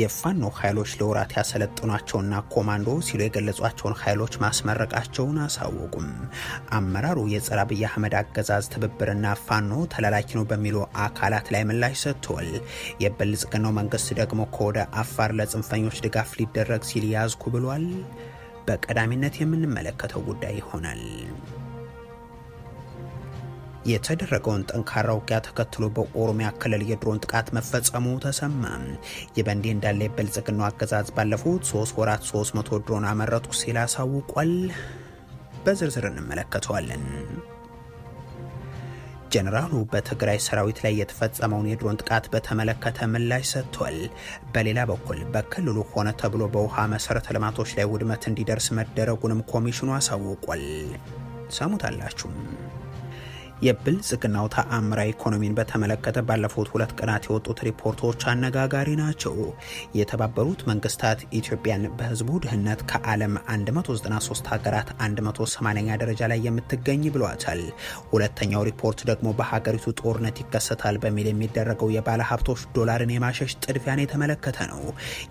የፋኖ ኃይሎች ለወራት ያሰለጥኗቸውና ኮማንዶ ሲሉ የገለጿቸውን ኃይሎች ማስመረቃቸውን አሳወቁም። አመራሩ የጸረ አብይ አህመድ አገዛዝ ትብብርና ፋኖ ተላላኪ ነው በሚሉ አካላት ላይ ምላሽ ሰጥቷል። የብልጽግናው መንግስት ደግሞ ከወደ አፋር ለጽንፈኞች ድጋፍ ሊደረግ ሲል ያዝኩ ብሏል። በቀዳሚነት የምንመለከተው ጉዳይ ይሆናል። የተደረገውን ጠንካራ ውጊያ ተከትሎ በኦሮሚያ ክልል የድሮን ጥቃት መፈጸሙ ተሰማ። ይህ በእንዲህ እንዳለ የብልጽግናው አገዛዝ ባለፉት ሶስት ወራት 300 ድሮን አመረቱ ሲል አሳውቋል። በዝርዝር እንመለከተዋለን። ጀነራሉ በትግራይ ሰራዊት ላይ የተፈጸመውን የድሮን ጥቃት በተመለከተ ምላሽ ሰጥቷል። በሌላ በኩል በክልሉ ሆነ ተብሎ በውሃ መሰረተ ልማቶች ላይ ውድመት እንዲደርስ መደረጉንም ኮሚሽኑ አሳውቋል። ሰሙታላችሁም። የብልጽግናው ተአምራዊ ኢኮኖሚን በተመለከተ ባለፉት ሁለት ቀናት የወጡት ሪፖርቶች አነጋጋሪ ናቸው። የተባበሩት መንግስታት ኢትዮጵያን በህዝቡ ድህነት ከዓለም 193 ሀገራት 180ኛ ደረጃ ላይ የምትገኝ ብሏታል። ሁለተኛው ሪፖርት ደግሞ በሀገሪቱ ጦርነት ይከሰታል በሚል የሚደረገው የባለ ሀብቶች ዶላርን የማሸሽ ጥድፊያን የተመለከተ ነው።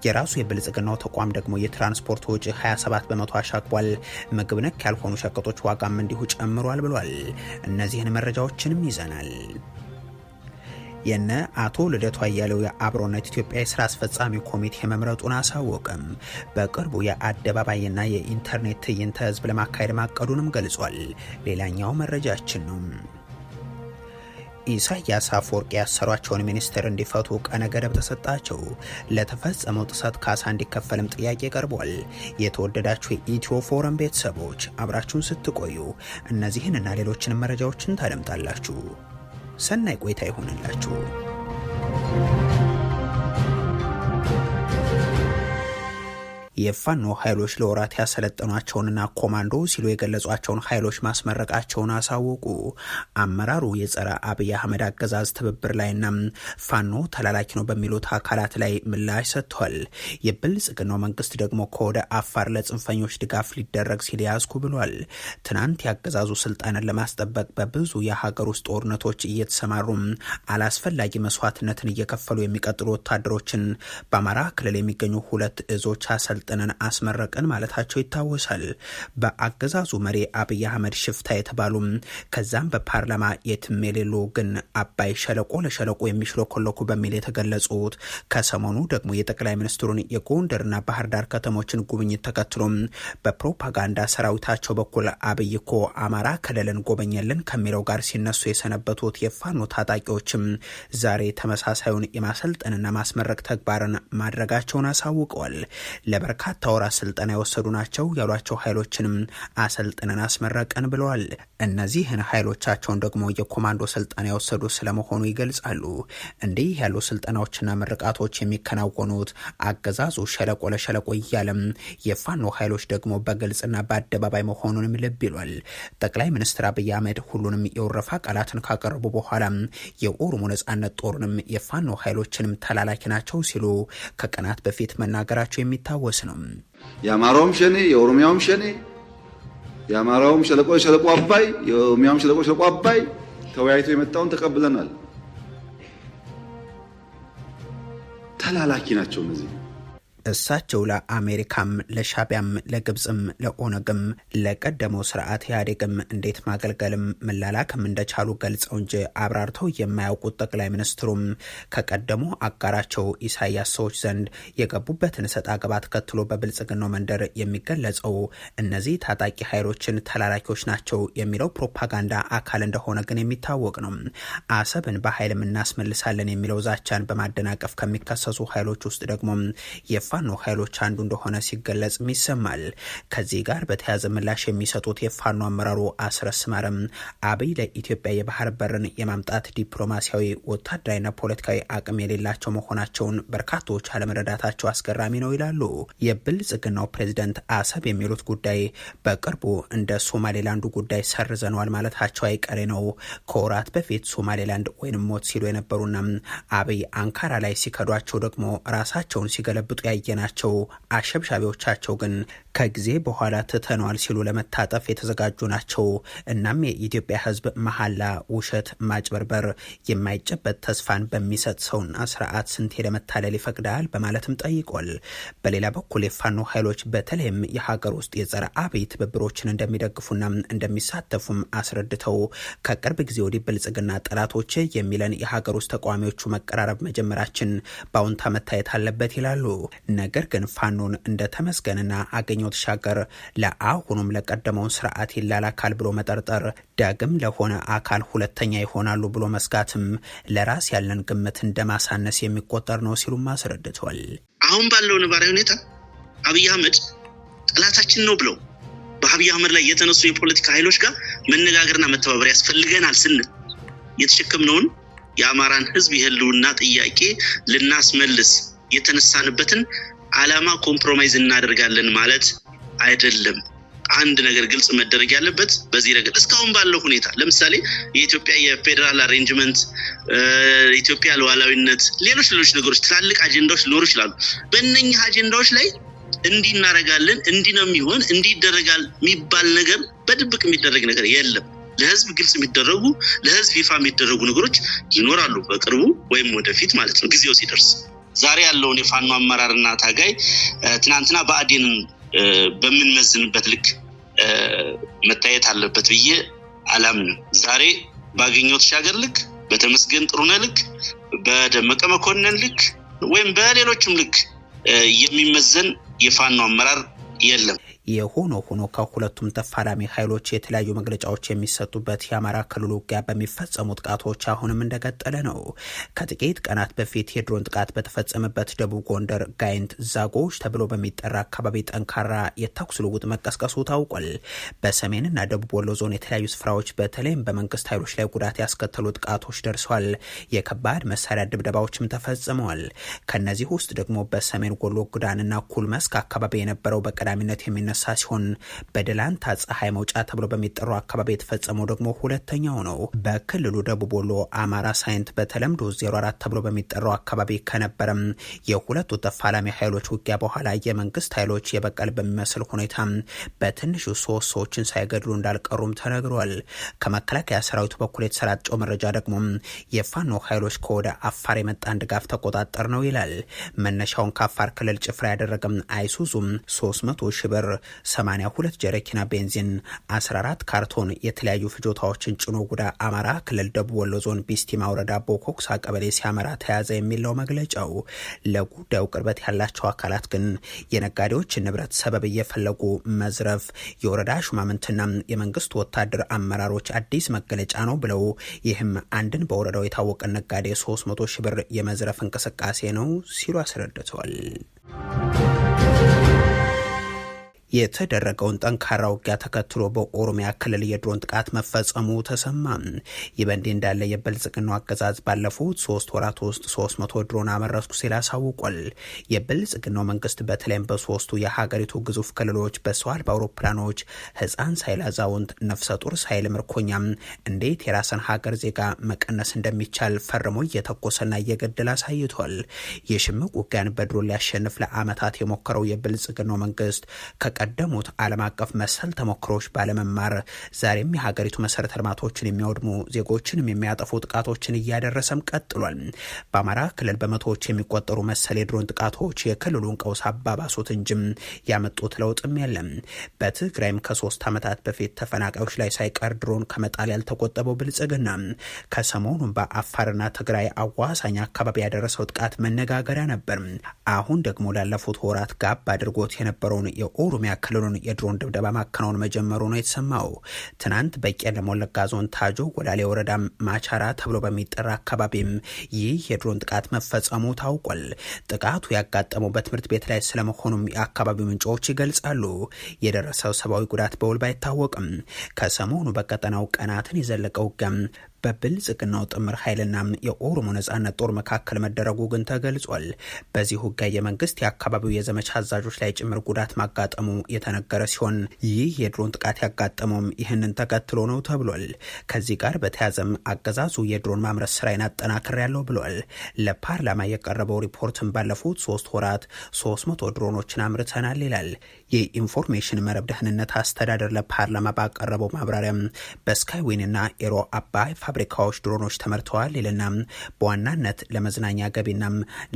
የራሱ የብልጽግናው ተቋም ደግሞ የትራንስፖርት ወጪ 27 በመቶ አሻግቧል ምግብ ነክ ያልሆኑ ሸቀጦች ዋጋም እንዲሁ ጨምሯል ብሏል። እነዚህን መረጃዎችንም ይዘናል። የነ አቶ ልደቱ አያሌው የአብሮነት ኢትዮጵያ የስራ አስፈጻሚ ኮሚቴ መምረጡን አሳወቅም። በቅርቡ የአደባባይና የኢንተርኔት ትዕይንተ ህዝብ ለማካሄድ ማቀዱንም ገልጿል። ሌላኛው መረጃችን ነው። ኢሳያስ አፈወርቅ ያሰሯቸውን ሚኒስትር እንዲፈቱ ቀነ ገደብ ተሰጣቸው። ለተፈጸመው ጥሰት ካሳ እንዲከፈልም ጥያቄ ቀርቧል። የተወደዳችሁ የኢትዮ ፎረም ቤተሰቦች አብራችሁን ስትቆዩ እነዚህን እና ሌሎችንም መረጃዎችን ታደምጣላችሁ። ሰናይ ቆይታ ይሆንላችሁ። የፋኖ ኃይሎች ለወራት ያሰለጠኗቸውንና ኮማንዶ ሲሉ የገለጿቸውን ኃይሎች ማስመረቃቸውን አሳወቁ። አመራሩ የጸረ አብይ አህመድ አገዛዝ ትብብር ላይና ፋኖ ተላላኪ ነው በሚሉት አካላት ላይ ምላሽ ሰጥቷል። የብልጽግናው መንግስት ደግሞ ከወደ አፋር ለጽንፈኞች ድጋፍ ሊደረግ ሲል ያዝኩ ብሏል። ትናንት የአገዛዙ ስልጣንን ለማስጠበቅ በብዙ የሀገር ውስጥ ጦርነቶች እየተሰማሩ አላስፈላጊ መስዋዕትነትን እየከፈሉ የሚቀጥሉ ወታደሮችን በአማራ ክልል የሚገኙ ሁለት እዞች አሰልጥ አሰለጠነን አስመረቅን ማለታቸው ይታወሳል። በአገዛዙ መሪ አብይ አህመድ ሽፍታ የተባሉም ከዛም በፓርላማ የትም የሌሉ ግን አባይ ሸለቆ ለሸለቆ የሚሽለኮለኩ በሚል የተገለጹት ከሰሞኑ ደግሞ የጠቅላይ ሚኒስትሩን የጎንደርና ባህር ዳር ከተሞችን ጉብኝት ተከትሎም በፕሮፓጋንዳ ሰራዊታቸው በኩል አብይ እኮ አማራ ክልልን ጎበኘልን ከሚለው ጋር ሲነሱ የሰነበቱት የፋኖ ታጣቂዎችም ዛሬ ተመሳሳዩን የማሰልጠንና ማስመረቅ ተግባርን ማድረጋቸውን አሳውቀዋል። በርካታ ወራት ስልጠና የወሰዱ ናቸው ያሏቸው ኃይሎችንም አሰልጥነን አስመረቀን ብለዋል። እነዚህን ኃይሎቻቸውን ደግሞ የኮማንዶ ስልጠና የወሰዱ ስለመሆኑ ይገልጻሉ። እንዲህ ያሉ ስልጠናዎችና ምርቃቶች የሚከናወኑት አገዛዙ ሸለቆ ለሸለቆ እያለም የፋኖ ኃይሎች ደግሞ በግልጽና በአደባባይ መሆኑንም ልብ ይሏል። ጠቅላይ ሚኒስትር አብይ አህመድ ሁሉንም የወረፋ ቃላትን ካቀረቡ በኋላ የኦሮሞ ነጻነት ጦርንም የፋኖ ኃይሎችንም ተላላኪ ናቸው ሲሉ ከቀናት በፊት መናገራቸው የሚታወስ ነው። የአማራውም ሸኔ፣ የኦሮሚያውም ሸኔ፣ የአማራውም ሸለቆ ሸለቆ አባይ፣ የኦሮሚያውም ሸለቆ ሸለቆ አባይ ተወያይቶ የመጣውን ተቀብለናል። ተላላኪ ናቸው እነዚህ እሳቸው ለአሜሪካም ለሻቢያም ለግብፅም ለኦነግም ለቀደመው ስርዓት ኢህአዴግም እንዴት ማገልገልም መላላክም እንደቻሉ ገልጸው እንጂ አብራርተው የማያውቁት ጠቅላይ ሚኒስትሩም ከቀደሙ አጋራቸው ኢሳያስ ሰዎች ዘንድ የገቡበትን ሰጣ ገባ ተከትሎ በብልጽግናው መንደር የሚገለጸው እነዚህ ታጣቂ ኃይሎችን ተላላኪዎች ናቸው የሚለው ፕሮፓጋንዳ አካል እንደሆነ ግን የሚታወቅ ነው። አሰብን በኃይልም እናስመልሳለን የሚለው ዛቻን በማደናቀፍ ከሚከሰሱ ኃይሎች ውስጥ ደግሞ የፋኖ ኃይሎች አንዱ እንደሆነ ሲገለጽም ይሰማል። ከዚህ ጋር በተያያዘ ምላሽ የሚሰጡት የፋኖ አመራሩ አስረስ ማረም አብይ ለኢትዮጵያ የባህር በርን የማምጣት ዲፕሎማሲያዊ፣ ወታደራዊና ፖለቲካዊ አቅም የሌላቸው መሆናቸውን በርካቶች አለመረዳታቸው አስገራሚ ነው ይላሉ። የብልጽግናው ፕሬዚደንት አሰብ የሚሉት ጉዳይ በቅርቡ እንደ ሶማሌላንዱ ጉዳይ ሰርዘነዋል ማለታቸው አይቀሬ ነው። ከወራት በፊት ሶማሌላንድ ወይንም ሞት ሲሉ የነበሩና አብይ አንካራ ላይ ሲከዷቸው ደግሞ ራሳቸውን ሲገለብጡ ያየ ያየናቸው አሸብሻቢዎቻቸው ግን ከጊዜ በኋላ ትተነዋል ሲሉ ለመታጠፍ የተዘጋጁ ናቸው። እናም የኢትዮጵያ ሕዝብ መሐላ፣ ውሸት፣ ማጭበርበር፣ የማይጨበጥ ተስፋን በሚሰጥ ሰውና ስርዓት ስንቴ ለመታለል ይፈቅዳል በማለትም ጠይቋል። በሌላ በኩል የፋኖ ኃይሎች በተለይም የሀገር ውስጥ የጸረ አብይ ትብብሮችን እንደሚደግፉና እንደሚሳተፉም አስረድተው ከቅርብ ጊዜ ወዲህ ብልጽግና ጠላቶች የሚለን የሀገር ውስጥ ተቃዋሚዎቹ መቀራረብ መጀመራችን በአዎንታ መታየት አለበት ይላሉ። ነገር ግን ፋኖን እንደ ተመስገንና አገኘ ካገኘው ተሻገር ለአሁኑም ለቀደመውን ስርዓት አካል ብሎ መጠርጠር ዳግም ለሆነ አካል ሁለተኛ ይሆናሉ ብሎ መስጋትም ለራስ ያለን ግምት እንደማሳነስ የሚቆጠር ነው ሲሉም አስረድተዋል። አሁን ባለው ነባራዊ ሁኔታ አብይ አህመድ ጠላታችን ነው ብለው በአብይ አህመድ ላይ የተነሱ የፖለቲካ ኃይሎች ጋር መነጋገርና መተባበር ያስፈልገናል ስንል የተሸከምነውን የአማራን ህዝብ የህልውና ጥያቄ ልናስመልስ የተነሳንበትን ዓላማ ኮምፕሮማይዝ እናደርጋለን ማለት አይደለም። አንድ ነገር ግልጽ መደረግ ያለበት በዚህ ረገድ እስካሁን ባለው ሁኔታ ለምሳሌ የኢትዮጵያ የፌዴራል አሬንጅመንት፣ ኢትዮጵያ ለዋላዊነት ሌሎች ሌሎች ነገሮች ትላልቅ አጀንዳዎች ሊኖሩ ይችላሉ። በእነኚህ አጀንዳዎች ላይ እንዲህ እናደርጋለን፣ እንዲህ ነው የሚሆን፣ እንዲህ ይደረጋል የሚባል ነገር በድብቅ የሚደረግ ነገር የለም። ለህዝብ ግልጽ የሚደረጉ ለህዝብ ይፋ የሚደረጉ ነገሮች ይኖራሉ፣ በቅርቡ ወይም ወደፊት ማለት ነው ጊዜው ሲደርስ ዛሬ ያለውን የፋኖ አመራርና ታጋይ ትናንትና በአዴንን በምንመዝንበት ልክ መታየት አለበት ብዬ አላምንም። ዛሬ ባገኘው ተሻገር ልክ፣ በተመስገን ጥሩነ ልክ፣ በደመቀ መኮንን ልክ ወይም በሌሎችም ልክ የሚመዘን የፋኖ አመራር የለም። የሆኖ ሆኖ ከሁለቱም ተፋላሚ ኃይሎች የተለያዩ መግለጫዎች የሚሰጡበት የአማራ ክልል ውጊያ በሚፈጸሙ ጥቃቶች አሁንም እንደቀጠለ ነው። ከጥቂት ቀናት በፊት የድሮን ጥቃት በተፈጸመበት ደቡብ ጎንደር ጋይንት ዛጎች ተብሎ በሚጠራ አካባቢ ጠንካራ የተኩስ ልውውጥ መቀስቀሱ ታውቋል። በሰሜንና ደቡብ ወሎ ዞን የተለያዩ ስፍራዎች በተለይም በመንግስት ኃይሎች ላይ ጉዳት ያስከተሉ ጥቃቶች ደርሰዋል። የከባድ መሳሪያ ድብደባዎችም ተፈጽመዋል። ከነዚህ ውስጥ ደግሞ በሰሜን ወሎ ጉዳንና ኩልመስክ አካባቢ የነበረው በቀዳሚነት የሚነሳ የተነሳ ሲሆን በደላንታ ፀሐይ መውጫ ተብሎ በሚጠራው አካባቢ የተፈጸመው ደግሞ ሁለተኛው ነው። በክልሉ ደቡብ ወሎ አማራ ሳይንት በተለምዶ 04 ተብሎ በሚጠራው አካባቢ ከነበረም የሁለቱ ተፋላሚ ኃይሎች ውጊያ በኋላ የመንግስት ኃይሎች የበቀል በሚመስል ሁኔታ በትንሹ ሶስት ሰዎችን ሳይገድሉ እንዳልቀሩም ተነግሯል። ከመከላከያ ሰራዊቱ በኩል የተሰራጨው መረጃ ደግሞ የፋኖ ኃይሎች ከወደ አፋር የመጣን ድጋፍ ተቆጣጠር ነው ይላል። መነሻውን ከአፋር ክልል ጭፍራ ያደረገም አይሱዙም 300 ሺህ ብር 82 ጀረኪና ቤንዚን፣ 14 ካርቶን የተለያዩ ፍጆታዎችን ጭኖ ወደ አማራ ክልል ደቡብ ወሎ ዞን ቢስቲማ ወረዳ ቦኮክሳ ቀበሌ ሲያመራ ተያዘ የሚለው መግለጫው፣ ለጉዳዩ ቅርበት ያላቸው አካላት ግን የነጋዴዎች ንብረት ሰበብ እየፈለጉ መዝረፍ የወረዳ ሹማምንትና የመንግስት ወታደር አመራሮች አዲስ መገለጫ ነው ብለው ይህም አንድን በወረዳው የታወቀ ነጋዴ 300 ሺህ ብር የመዝረፍ እንቅስቃሴ ነው ሲሉ አስረድተዋል። የተደረገውን ጠንካራ ውጊያ ተከትሎ በኦሮሚያ ክልል የድሮን ጥቃት መፈጸሙ ተሰማ። ይህ በእንዲህ እንዳለ የብልጽግናው አገዛዝ ባለፉት ሶስት ወራት ውስጥ 300 ድሮን አመረስኩ ሲል አሳውቋል። የብልጽግናው መንግስት በተለይም በሶስቱ የሀገሪቱ ግዙፍ ክልሎች በሰው አልባ አውሮፕላኖች ህፃን ሳይል አዛውንት፣ ነፍሰ ጡር ሳይል ምርኮኛም እንዴት የራስን ሀገር ዜጋ መቀነስ እንደሚቻል ፈርሞ እየተኮሰና እየገደለ አሳይቷል። የሽምቅ ውጊያን በድሮን ሊያሸንፍ ለአመታት የሞከረው የብልጽግናው መንግስት ከቀ ከቀደሙት ዓለም አቀፍ መሰል ተሞክሮች ባለመማር ዛሬም የሀገሪቱ መሰረተ ልማቶችን የሚያወድሙ ዜጎችንም የሚያጠፉ ጥቃቶችን እያደረሰም ቀጥሏል። በአማራ ክልል በመቶዎች የሚቆጠሩ መሰል የድሮን ጥቃቶች የክልሉን ቀውስ አባባሱት እንጂም ያመጡት ለውጥም የለም። በትግራይም ከሶስት ዓመታት በፊት ተፈናቃዮች ላይ ሳይቀር ድሮን ከመጣል ያልተቆጠበው ብልጽግና ከሰሞኑ በአፋርና ትግራይ አዋሳኝ አካባቢ ያደረሰው ጥቃት መነጋገሪያ ነበር። አሁን ደግሞ ላለፉት ወራት ጋብ አድርጎት የነበረውን የኦሮሚያ የኦሮሚያ ክልሉን የድሮን ድብደባ ማከናወን መጀመሩ ነው የተሰማው። ትናንት በቄለም ወለጋ ዞን ታጆ ወላሌ ወረዳ ማቻራ ተብሎ በሚጠራ አካባቢም ይህ የድሮን ጥቃት መፈጸሙ ታውቋል። ጥቃቱ ያጋጠመው በትምህርት ቤት ላይ ስለመሆኑም የአካባቢው ምንጮች ይገልጻሉ። የደረሰው ሰብአዊ ጉዳት በውል ባይታወቅም ከሰሞኑ በቀጠናው ቀናትን የዘለቀው ውጊያም በብልጽግናው ጥምር ኃይልና የኦሮሞ ነጻነት ጦር መካከል መደረጉ ግን ተገልጿል። በዚህ ውጊያ የመንግስት የአካባቢው የዘመቻ አዛዦች ላይ ጭምር ጉዳት ማጋጠሙ የተነገረ ሲሆን ይህ የድሮን ጥቃት ያጋጠመውም ይህንን ተከትሎ ነው ተብሏል። ከዚህ ጋር በተያዘም አገዛዙ የድሮን ማምረት ስራዬን አጠናክር ያለው ብሏል። ለፓርላማ የቀረበው ሪፖርትን ባለፉት ሶስት ወራት 300 ድሮኖችን አምርተናል ይላል። የኢንፎርሜሽን መረብ ደህንነት አስተዳደር ለፓርላማ ባቀረበው ማብራሪያም በስካይዊንና ኤሮ አባይ ፋብሪካዎች ድሮኖች ተመርተዋል ይልና በዋናነት ለመዝናኛ ገቢና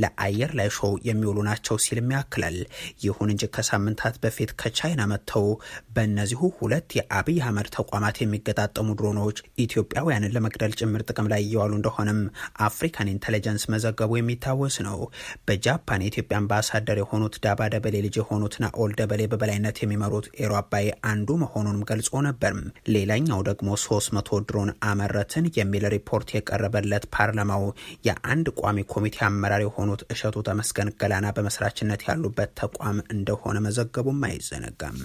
ለአየር ላይ ሾው የሚውሉ ናቸው ሲልም ያክላል። ይሁን እንጂ ከሳምንታት በፊት ከቻይና መጥተው በእነዚሁ ሁለት የአብይ አህመድ ተቋማት የሚገጣጠሙ ድሮኖች ኢትዮጵያውያንን ለመግደል ጭምር ጥቅም ላይ እየዋሉ እንደሆነም አፍሪካን ኢንቴሊጀንስ መዘገቡ የሚታወስ ነው። በጃፓን የኢትዮጵያ አምባሳደር የሆኑት ዳባ ደበሌ ልጅ የሆኑት ናኦል ደበሌ በበላይነት የሚመሩት ኤሮ አባይ አንዱ መሆኑንም ገልጾ ነበርም። ሌላኛው ደግሞ 300 መቶ ድሮን አመረትን የሚል ሪፖርት የቀረበለት ፓርላማው የአንድ ቋሚ ኮሚቴ አመራር የሆኑት እሸቱ ተመስገን ገላና በመስራችነት ያሉበት ተቋም እንደሆነ መዘገቡም አይዘነጋም።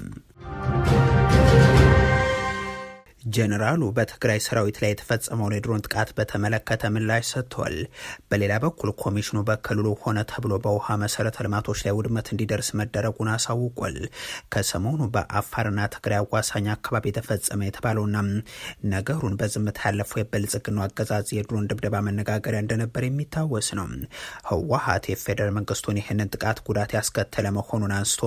ጀኔራሉ በትግራይ ሰራዊት ላይ የተፈጸመውን የድሮን ጥቃት በተመለከተ ምላሽ ሰጥቷል። በሌላ በኩል ኮሚሽኑ በክልሉ ሆነ ተብሎ በውሃ መሰረተ ልማቶች ላይ ውድመት እንዲደርስ መደረጉን አሳውቋል። ከሰሞኑ በአፋርና ትግራይ አዋሳኝ አካባቢ የተፈጸመ የተባለውና ነገሩን በዝምታ ያለፈው የብልጽግናው አገዛዝ የድሮን ድብደባ መነጋገሪያ እንደነበር የሚታወስ ነው። ህወሀት የፌዴራል መንግስቱን ይህንን ጥቃት ጉዳት ያስከተለ መሆኑን አንስቶ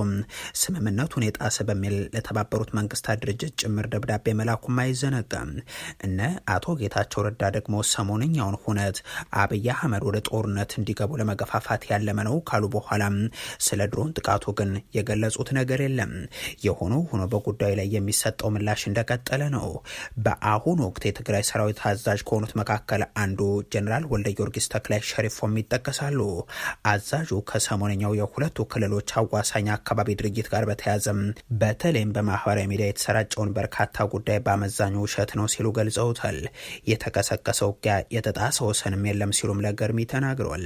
ስምምነቱን የጣሰ በሚል ለተባበሩት መንግስታት ድርጅት ጭምር ደብዳቤ መላኩም አይዘነጋም። እነ አቶ ጌታቸው ረዳ ደግሞ ሰሞነኛውን ሁነት አብይ አህመድ ወደ ጦርነት እንዲገቡ ለመገፋፋት ያለመ ነው ካሉ በኋላም ስለ ድሮን ጥቃቱ ግን የገለጹት ነገር የለም። የሆኖ ሆኖ በጉዳዩ ላይ የሚሰጠው ምላሽ እንደቀጠለ ነው። በአሁኑ ወቅት የትግራይ ሰራዊት አዛዥ ከሆኑት መካከል አንዱ ጀኔራል ወልደ ጊዮርጊስ ተክላይ ሸሪፎም ይጠቀሳሉ። አዛዡ ከሰሞነኛው የሁለቱ ክልሎች አዋሳኝ አካባቢ ድርጊት ጋር በተያያዘም በተለይም በማህበራዊ ሚዲያ የተሰራጨውን በርካታ ጉዳይ በመዘ አመዛኙ ውሸት ነው ሲሉ ገልጸውታል። የተቀሰቀሰው ውጊያ የተጣሰ ወሰንም የለም ሲሉም ለገርሚ ተናግሯል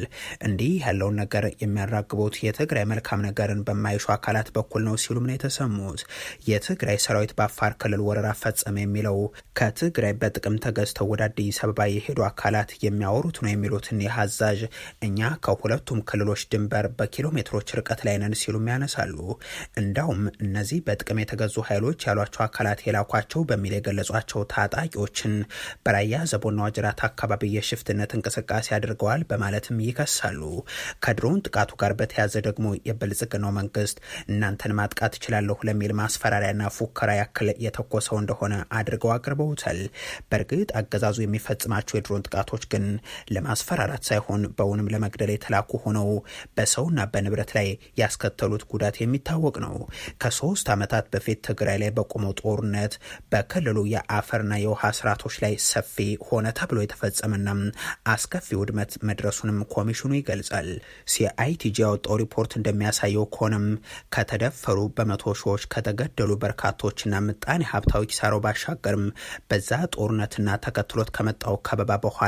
እንዲህ ያለውን ነገር የሚያራግቡት የትግራይ መልካም ነገርን በማይሹ አካላት በኩል ነው ሲሉም ነው የተሰሙት። የትግራይ ሰራዊት በአፋር ክልል ወረራ ፈጸመ የሚለው ከትግራይ በጥቅም ተገዝተው ወደ አዲስ አበባ የሄዱ አካላት የሚያወሩት ነው የሚሉት እኒህ አዛዥ እኛ ከሁለቱም ክልሎች ድንበር በኪሎ ሜትሮች ርቀት ላይ ነን ሲሉም ያነሳሉ። እንዳውም እነዚህ በጥቅም የተገዙ ኃይሎች ያሏቸው አካላት የላኳቸው በሚል የገለ የገለጿቸው ታጣቂዎችን በራያ ዘቦና ወጀራት አካባቢ የሽፍትነት እንቅስቃሴ አድርገዋል በማለትም ይከሳሉ። ከድሮን ጥቃቱ ጋር በተያያዘ ደግሞ የብልጽግናው መንግስት እናንተን ማጥቃት እችላለሁ ለሚል ማስፈራሪያና ፉከራ ያክል የተኮሰው እንደሆነ አድርገው አቅርበውታል። በእርግጥ አገዛዙ የሚፈጽማቸው የድሮን ጥቃቶች ግን ለማስፈራራት ሳይሆን በውንም ለመግደል የተላኩ ሆነው በሰውና በንብረት ላይ ያስከተሉት ጉዳት የሚታወቅ ነው። ከሶስት ዓመታት በፊት ትግራይ ላይ በቆመው ጦርነት በክልሉ የአፈርና የውሃ ስርዓቶች ላይ ሰፊ ሆነ ተብሎ የተፈጸመና አስከፊ ውድመት መድረሱንም ኮሚሽኑ ይገልጻል። ሲአይቲጂ ያወጣው ሪፖርት እንደሚያሳየው ከሆነም ከተደፈሩ በመቶ ሺዎች ከተገደሉ በርካቶችና ምጣኔ ሀብታዊ ኪሳራው ባሻገርም በዛ ጦርነትና ተከትሎት ከመጣው ከበባ በኋላ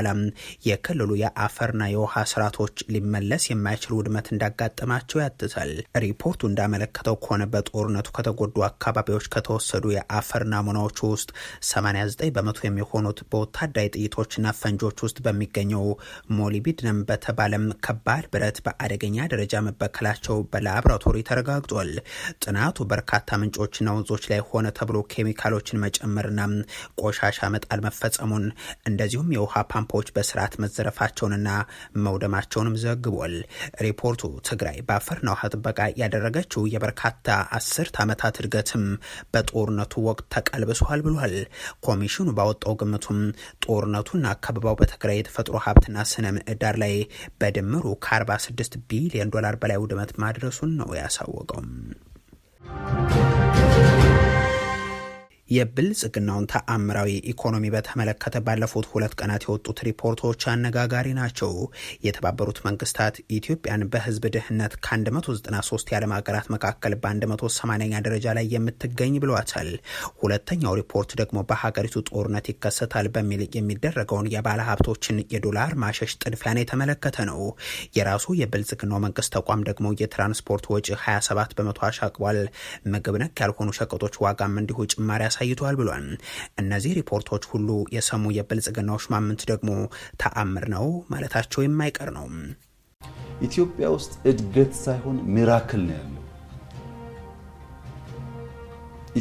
የክልሉ የአፈርና የውሃ ስርዓቶች ሊመለስ የማይችል ውድመት እንዳጋጠማቸው ያትታል። ሪፖርቱ እንዳመለከተው ከሆነ በጦርነቱ ከተጎዱ አካባቢዎች ከተወሰዱ የአፈር ናሙናዎች ውስጥ 89 በመቶ የሚሆኑት በወታደራዊ ጥይቶችና ፈንጆች ውስጥ በሚገኘው ሞሊቢድነም በተባለም ከባድ ብረት በአደገኛ ደረጃ መበከላቸው በላብራቶሪ ተረጋግጧል። ጥናቱ በርካታ ምንጮችና ወንዞች ላይ ሆነ ተብሎ ኬሚካሎችን መጨመርና ቆሻሻ መጣል መፈጸሙን እንደዚሁም የውሃ ፓምፖች በስርዓት መዘረፋቸውንና መውደማቸውንም ዘግቧል። ሪፖርቱ ትግራይ በአፈርና ውሃ ጥበቃ ያደረገችው የበርካታ አስርት ዓመታት እድገትም በጦርነቱ ወቅት ተቀልብሷል ብሏል። ኮሚሽኑ ባወጣው ግምቱም ጦርነቱና አካባቢው በትግራይ የተፈጥሮ ሀብትና ስነ ምህዳር ላይ በድምሩ ከ46 ቢሊዮን ዶላር በላይ ውድመት ማድረሱን ነው ያሳወቀው። የብልጽግናውን ተአምራዊ ኢኮኖሚ በተመለከተ ባለፉት ሁለት ቀናት የወጡት ሪፖርቶች አነጋጋሪ ናቸው። የተባበሩት መንግስታት ኢትዮጵያን በህዝብ ድህነት ከ193 የዓለም ሀገራት መካከል በ180ኛ ደረጃ ላይ የምትገኝ ብሏታል። ሁለተኛው ሪፖርት ደግሞ በሀገሪቱ ጦርነት ይከሰታል በሚል የሚደረገውን የባለ ሀብቶችን የዶላር ማሸሽ ጥድፊያን የተመለከተ ነው። የራሱ የብልጽግናው መንግስት ተቋም ደግሞ የትራንስፖርት ወጪ 27 በመቶ አሻቅቧል። ምግብ ነክ ያልሆኑ ሸቀጦች ዋጋም እንዲሁ ጭማሪ አሳይቷል ብሏል። እነዚህ ሪፖርቶች ሁሉ የሰሙ የብልጽግናው ሹማምንት ደግሞ ተአምር ነው ማለታቸው የማይቀር ነው። ኢትዮጵያ ውስጥ እድገት ሳይሆን ሚራክል ነው ያለው።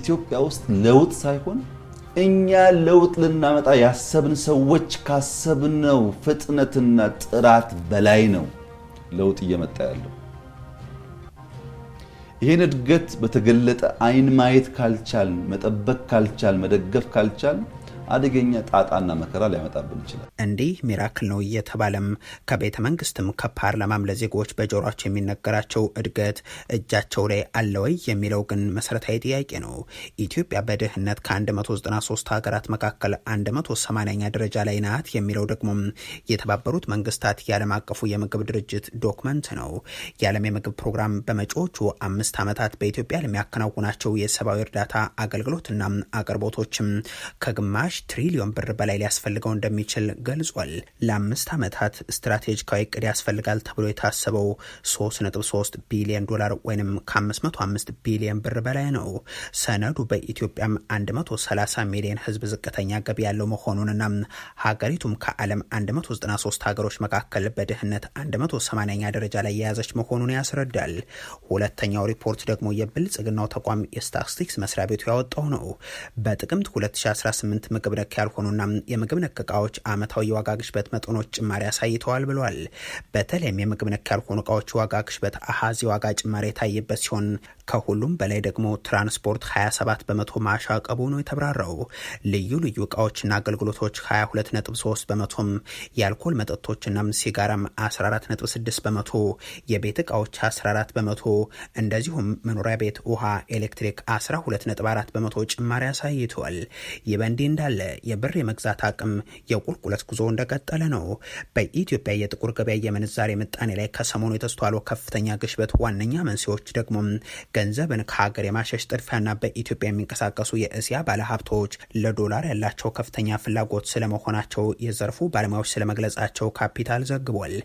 ኢትዮጵያ ውስጥ ለውጥ ሳይሆን እኛ ለውጥ ልናመጣ ያሰብን ሰዎች ካሰብነው ፍጥነትና ጥራት በላይ ነው ለውጥ እየመጣ ያለው። ይህን እድገት በተገለጠ አይን ማየት ካልቻል፣ መጠበቅ ካልቻል፣ መደገፍ ካልቻል አደገኛ ጣጣና መከራ ሊያመጣብን ይችላል። እንዲህ ሚራክል ነው እየተባለም ከቤተ መንግስትም ከፓርላማም ለዜጎች በጆሯቸው የሚነገራቸው እድገት እጃቸው ላይ አለወይ የሚለው ግን መሰረታዊ ጥያቄ ነው። ኢትዮጵያ በድህነት ከ193 ሀገራት መካከል 180ኛ ደረጃ ላይ ናት የሚለው ደግሞ የተባበሩት መንግስታት የዓለም አቀፉ የምግብ ድርጅት ዶክመንት ነው። የዓለም የምግብ ፕሮግራም በመጪዎቹ አምስት ዓመታት በኢትዮጵያ ለሚያከናውናቸው የሰብአዊ እርዳታ አገልግሎትና አቅርቦቶችም ከግማሽ ትሪሊዮን ብር በላይ ሊያስፈልገው እንደሚችል ገልጿል። ለአምስት ዓመታት ስትራቴጂካዊ እቅድ ያስፈልጋል ተብሎ የታሰበው 3.3 ቢሊዮን ዶላር ወይም ከ505 ቢሊዮን ብር በላይ ነው። ሰነዱ በኢትዮጵያም 130 ሚሊዮን ህዝብ ዝቅተኛ ገቢ ያለው መሆኑንና ሀገሪቱም ከዓለም 193 ሀገሮች መካከል በድህነት 180ኛ ደረጃ ላይ የያዘች መሆኑን ያስረዳል። ሁለተኛው ሪፖርት ደግሞ የብልጽግናው ተቋም የስታትስቲክስ መስሪያ ቤቱ ያወጣው ነው። በጥቅምት 2018 ምግብ ነክ ያልሆኑና የምግብ ነክ እቃዎች አመታዊ የዋጋ ግሽበት መጠኖች ጭማሪ አሳይተዋል ብሏል። በተለይም የምግብ ነክ ያልሆኑ እቃዎች ዋጋ ግሽበት አሀዝ የዋጋ ጭማሪ የታየበት ሲሆን ከሁሉም በላይ ደግሞ ትራንስፖርት 27 በመቶ ማሻቀቡ ነው የተብራራው። ልዩ ልዩ እቃዎችና አገልግሎቶች 22.3 በመቶም፣ የአልኮል መጠጦችና ሲጋራም 14.6 በመቶ፣ የቤት እቃዎች 14 በመቶ፣ እንደዚሁም መኖሪያ ቤት፣ ውሃ፣ ኤሌክትሪክ 12.4 በመቶ ጭማሪ አሳይተዋል። ይህ በእንዲህ እንዳለ ያለ የብር የመግዛት አቅም የቁልቁለት ጉዞ እንደቀጠለ ነው። በኢትዮጵያ የጥቁር ገበያ የምንዛሬ ምጣኔ ላይ ከሰሞኑ የተስተዋለው ከፍተኛ ግሽበት ዋነኛ መንስኤዎች ደግሞ ገንዘብን ከሀገር የማሸሽ ጥድፊያና በኢትዮጵያ የሚንቀሳቀሱ የእስያ ባለሀብቶች ለዶላር ያላቸው ከፍተኛ ፍላጎት ስለመሆናቸው የዘርፉ ባለሙያዎች ስለመግለጻቸው ካፒታል ዘግቧል።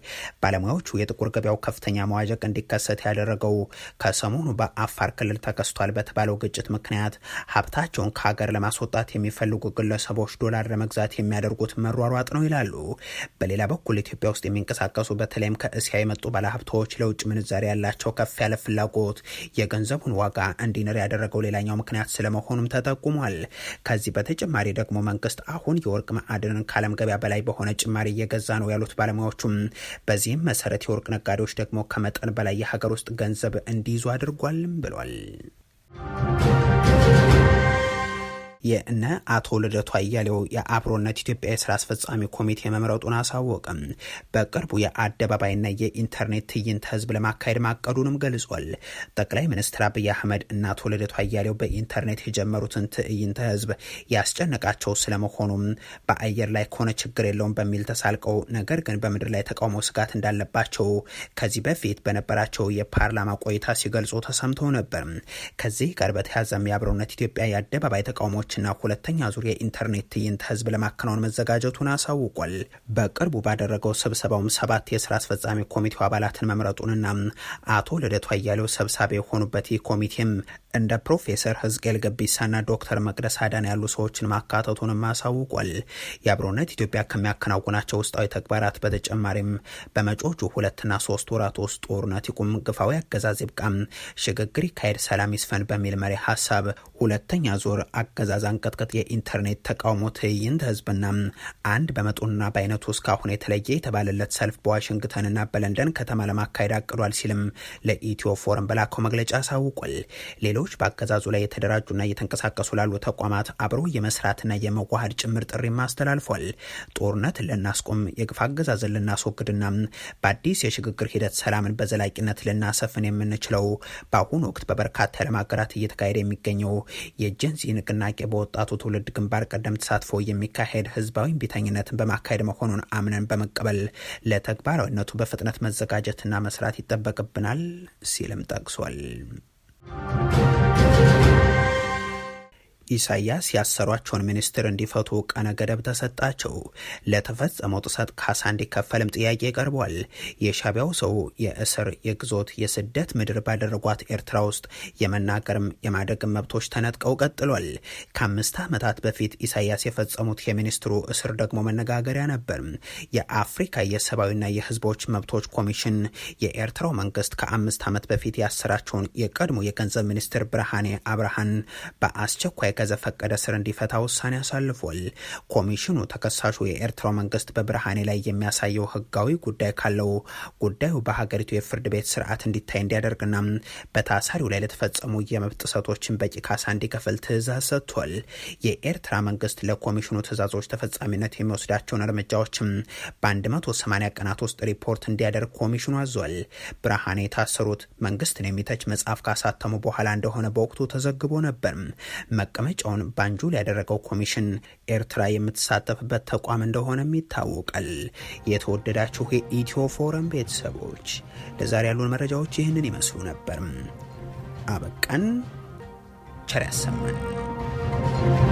ባለሙያዎቹ የጥቁር ገበያው ከፍተኛ መዋዠቅ እንዲከሰት ያደረገው ከሰሞኑ በአፋር ክልል ተከስቷል በተባለው ግጭት ምክንያት ሀብታቸውን ከሀገር ለማስወጣት የሚፈልጉ ግለ ግለሰቦች ዶላር ለመግዛት የሚያደርጉት መሯሯጥ ነው ይላሉ። በሌላ በኩል ኢትዮጵያ ውስጥ የሚንቀሳቀሱ በተለይም ከእስያ የመጡ ባለሀብታዎች ለውጭ ምንዛሪ ያላቸው ከፍ ያለ ፍላጎት የገንዘቡን ዋጋ እንዲንር ያደረገው ሌላኛው ምክንያት ስለመሆኑም ተጠቁሟል። ከዚህ በተጨማሪ ደግሞ መንግስት አሁን የወርቅ ማዕድንን ከዓለም ገበያ በላይ በሆነ ጭማሪ እየገዛ ነው ያሉት ባለሙያዎቹም፣ በዚህም መሰረት የወርቅ ነጋዴዎች ደግሞ ከመጠን በላይ የሀገር ውስጥ ገንዘብ እንዲይዙ አድርጓልም ብሏል። የእነ አቶ ልደቱ አያሌው የአብሮነት ኢትዮጵያ የስራ አስፈጻሚ ኮሚቴ መምረጡን አሳወቅም። በቅርቡ የአደባባይና የኢንተርኔት ትዕይንተ ህዝብ ለማካሄድ ማቀዱንም ገልጿል። ጠቅላይ ሚኒስትር አብይ አህመድ እና አቶ ልደቱ አያሌው በኢንተርኔት የጀመሩትን ትዕይንተ ህዝብ ያስጨነቃቸው ስለመሆኑም በአየር ላይ ከሆነ ችግር የለውም በሚል ተሳልቀው፣ ነገር ግን በምድር ላይ ተቃውሞ ስጋት እንዳለባቸው ከዚህ በፊት በነበራቸው የፓርላማ ቆይታ ሲገልጹ ተሰምተው ነበር። ከዚህ ጋር በተያያዘም የአብሮነት ኢትዮጵያ የአደባባይ ተቃውሞች ና ሁለተኛ ዙር የኢንተርኔት ትዕይንተ ህዝብ ለማከናወን መዘጋጀቱን አሳውቋል። በቅርቡ ባደረገው ስብሰባውም ሰባት የስራ አስፈጻሚ ኮሚቴው አባላትን መምረጡንና አቶ ልደቱ አያሌው ሰብሳቢ የሆኑበት ይህ ኮሚቴም እንደ ፕሮፌሰር ህዝቅኤል ገቢሳና ዶክተር መቅደስ አዳን ያሉ ሰዎችን ማካተቱንም አሳውቋል። የአብሮነት ኢትዮጵያ ከሚያከናውናቸው ውስጣዊ ተግባራት በተጨማሪም በመጪዎቹ ሁለትና ሶስት ወራት ውስጥ ጦርነት ይቁም፣ ግፋዊ አገዛዝ ይብቃም፣ ሽግግር ይካሄድ፣ ሰላም ይስፈን በሚል መሪ ሀሳብ ሁለተኛ ዙር አገዛዝ አንቀጥቀጥ የኢንተርኔት ተቃውሞ ትዕይንት ህዝብና አንድ በመጦና በአይነቱ እስካሁን የተለየ የተባለለት ሰልፍ በዋሽንግተንና በለንደን ከተማ ለማካሄድ አቅዷል ሲልም ለኢትዮ ፎረም በላከው መግለጫ አሳውቋል። ሌሎች በአገዛዙ ላይ የተደራጁና እየተንቀሳቀሱ ላሉ ተቋማት አብሮ የመስራትና የመዋሃድ ጭምር ጥሪም አስተላልፏል። ጦርነት ልናስቆም፣ የግፍ አገዛዝን ልናስወግድና በአዲስ የሽግግር ሂደት ሰላምን በዘላቂነት ልናሰፍን የምንችለው በአሁኑ ወቅት በበርካታ ለማገራት ሀገራት እየተካሄደ የሚገኘው የጀንዚ ንቅናቄ በወጣቱ ትውልድ ግንባር ቀደም ተሳትፎ የሚካሄድ ህዝባዊ ቤተኝነትን በማካሄድ መሆኑን አምነን በመቀበል ለተግባራዊነቱ በፍጥነት መዘጋጀትና መስራት ይጠበቅብናል ሲልም ጠቅሷል። ኢሳያስ ያሰሯቸውን ሚኒስትር እንዲፈቱ ቀነ ገደብ ተሰጣቸው። ለተፈጸመው ጥሰት ካሳ እንዲከፈልም ጥያቄ ቀርቧል። የሻቢያው ሰው የእስር የግዞት የስደት ምድር ባደረጓት ኤርትራ ውስጥ የመናገርም የማደግም መብቶች ተነጥቀው ቀጥሏል። ከአምስት ዓመታት በፊት ኢሳያስ የፈጸሙት የሚኒስትሩ እስር ደግሞ መነጋገሪያ ነበር። የአፍሪካ የሰብአዊና የህዝቦች መብቶች ኮሚሽን የኤርትራው መንግስት ከአምስት ዓመት በፊት ያሰራቸውን የቀድሞ የገንዘብ ሚኒስትር ብርሃኔ አብርሃን በአስቸኳይ ከዘፈቀደ ስር እንዲፈታ ውሳኔ አሳልፏል። ኮሚሽኑ ተከሳሹ የኤርትራው መንግስት በብርሃኔ ላይ የሚያሳየው ህጋዊ ጉዳይ ካለው ጉዳዩ በሀገሪቱ የፍርድ ቤት ስርዓት እንዲታይ እንዲያደርግና በታሳሪው ላይ ለተፈጸሙ የመብት ጥሰቶችን በቂ ካሳ እንዲከፍል ትእዛዝ ሰጥቷል። የኤርትራ መንግስት ለኮሚሽኑ ትእዛዞች ተፈጻሚነት የሚወስዳቸውን እርምጃዎችም በ180 ቀናት ውስጥ ሪፖርት እንዲያደርግ ኮሚሽኑ አዟል። ብርሃኔ የታሰሩት መንግስትን የሚተች መጽሐፍ ካሳተሙ በኋላ እንደሆነ በወቅቱ ተዘግቦ ነበር። መቀመጫውን ባንጁል ያደረገው ኮሚሽን ኤርትራ የምትሳተፍበት ተቋም እንደሆነም ይታወቃል። የተወደዳችሁ የኢትዮ ፎረም ቤተሰቦች ለዛሬ ያሉን መረጃዎች ይህንን ይመስሉ ነበር። አበቃን። ቸር ያሰማን።